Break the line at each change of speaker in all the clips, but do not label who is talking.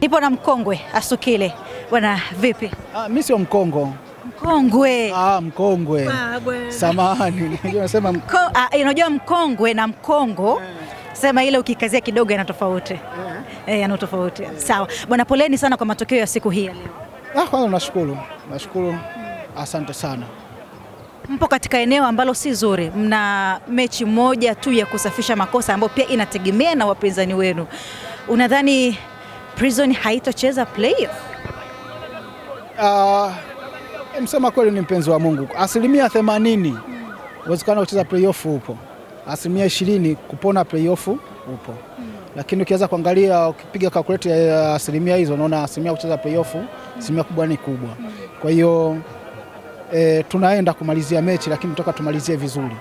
Nipo na mkongwe Asukile. Bwana vipi?
Ah, mimi sio mkongo.
Mkongwe.
Ah, mkongwe. Ah, Samahani. Unasema
mk ah, eh, unajua mkongwe na mkongo ah. sema ile ukikazia kidogo ina tofauti. Eh, ina tofauti. Sawa. Bwana, poleni sana kwa matokeo ya siku hii ya leo.
Ah, kwanza nashukuru. Nashukuru. Asante sana.
Mpo katika eneo ambalo si zuri, mna mechi moja tu ya kusafisha makosa ambayo pia inategemea na wapinzani wenu. Unadhani Prison haitocheza playoff?
Uh, ah, msema kweli ni mpenzi wa Mungu, asilimia 80 uwezekano wa kucheza playoff upo, asilimia 20 kupona playoff upo mm. Lakini ukiweza kuangalia ukipiga calculate ya asilimia hizo, unaona asilimia kucheza playoff asilimia kubwa ni kubwa mm. Kwa hiyo e, tunaenda kumalizia mechi, lakini toka tumalizie vizuri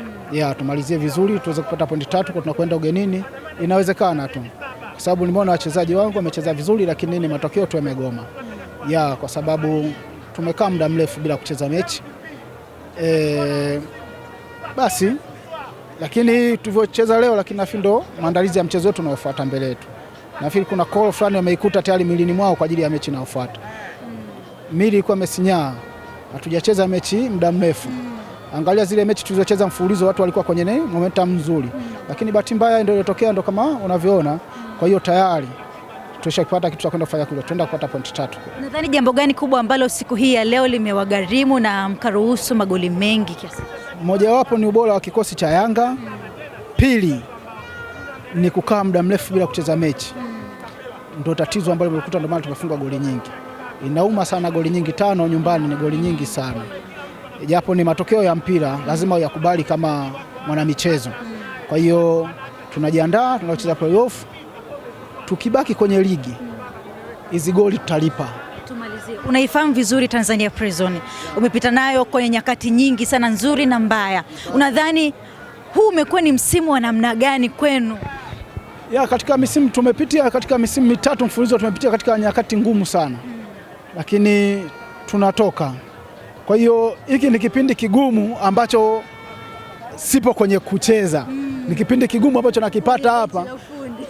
mm. Yeah, tumalizie vizuri tuweze kupata pointi tatu kwa tunakwenda ugenini, inawezekana tu kwa sababu nimeona wachezaji wangu wamecheza vizuri, lakini ni matokeo tu yamegoma ya kwa sababu tumekaa muda mrefu bila kucheza mechi e, basi lakini tulivyocheza leo, lakini nafikiri ndo maandalizi ya mchezo wetu unaofuata mbele yetu. Nafikiri kuna call fulani wameikuta tayari milini mwao kwa ajili ya mechi inayofuata. Mili ilikuwa imesinyaa, hatujacheza mechi muda mrefu. Angalia zile mechi tulizocheza mfululizo, watu walikuwa kwenye momentum nzuri, lakini bahati mbaya ndio iliyotokea, ndo kama unavyoona. Kwa hiyo tayari tushakipata kitu cha kwenda kufanya kule, tuenda kupata pointi tatu.
Nadhani jambo gani kubwa ambalo siku hii ya leo limewagharimu na mkaruhusu magoli mengi kiasi?
Mojawapo ni ubora wa kikosi cha Yanga Pili ni kukaa muda mrefu bila kucheza mechi mm. Ndio tatizo ambalo limekuta, ndio maana tumefunga goli nyingi. Inauma sana, goli nyingi tano nyumbani ni goli nyingi sana, japo ni matokeo ya mpira, lazima uyakubali kama mwanamichezo. Kwa hiyo tunajiandaa, tunacheza playoff tukibaki kwenye ligi hizi goli tutalipa.
Tumalizie, unaifahamu vizuri Tanzania Prison, umepita nayo kwenye nyakati nyingi sana nzuri na mbaya. Unadhani huu umekuwa ni msimu wa namna gani kwenu?
Ya, katika misimu tumepitia katika misimu mitatu mfululizo tumepitia katika nyakati ngumu sana, lakini tunatoka. Kwa hiyo hiki ni kipindi kigumu ambacho sipo kwenye kucheza, ni kipindi kigumu ambacho nakipata hapa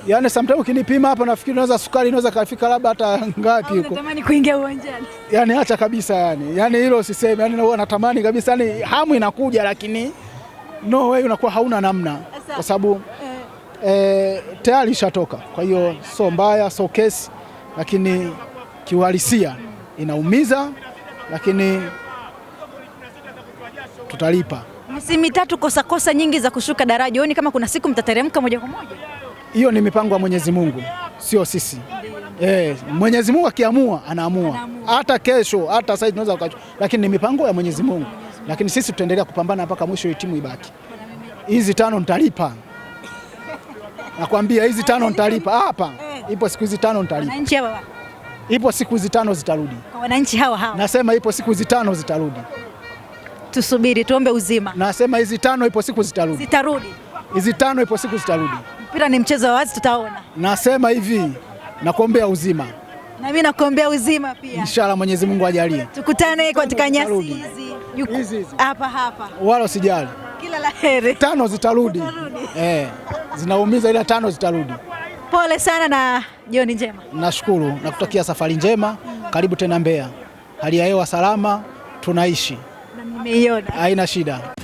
yani sometimes ukinipima hapa nafikiri naweza sukari inaweza kafika labda hata ngapi
huko. Natamani kuingia uwanjani.
Yaani acha kabisa yani. Yaani hilo usiseme, Yaani huwa natamani kabisa yani hamu inakuja lakini no way unakuwa hauna namna kwa sababu eh, eh, tayari ishatoka. Kwa hiyo so mbaya so kesi, lakini kiuhalisia inaumiza, lakini tutalipa.
Misimu mitatu kosakosa nyingi za kushuka daraja, huoni kama kuna siku mtateremka moja kwa moja?
hiyo ni mipango ya Mwenyezi Mungu, sio sisi. Eh, Mwenyezi Mungu akiamua anaamua, hata kesho, hata sasa tunaweza ukacho, lakini ni mipango ya Mwenyezi Mungu. Lakini sisi tutaendelea kupambana mpaka mwisho, timu ibaki. Hizi tano nitalipa, nakwambia, hizi tano nitalipa. Ah, hapa eh. ipo siku hizi tano
nitalipa,
ipo siku hizi tano zitarudi.
Kwa wananchi hao hao.
nasema ipo siku hizi tano zitarudi,
tusubiri tuombe uzima.
Nasema hizi tano ipo siku zitarudi, zitarudi hizi tano ipo siku zitarudi
mpira ni mchezo wa wazi, tutaona.
Nasema hivi, nakuombea uzima
na mimi nakuombea uzima pia.
Inshallah Mwenyezi Mungu ajalie.
Tukutane katika nyasi hizi. Hizi hapa hapa.
Wala usijali.
Kila laheri.
Tano zitarudi. Eh, zinaumiza ila tano zitarudi.
Pole sana na jioni njema.
Nashukuru, nakutokia safari njema. Karibu tena Mbeya. Hali ya hewa salama, tunaishi.
Na nimeiona.
Haina shida.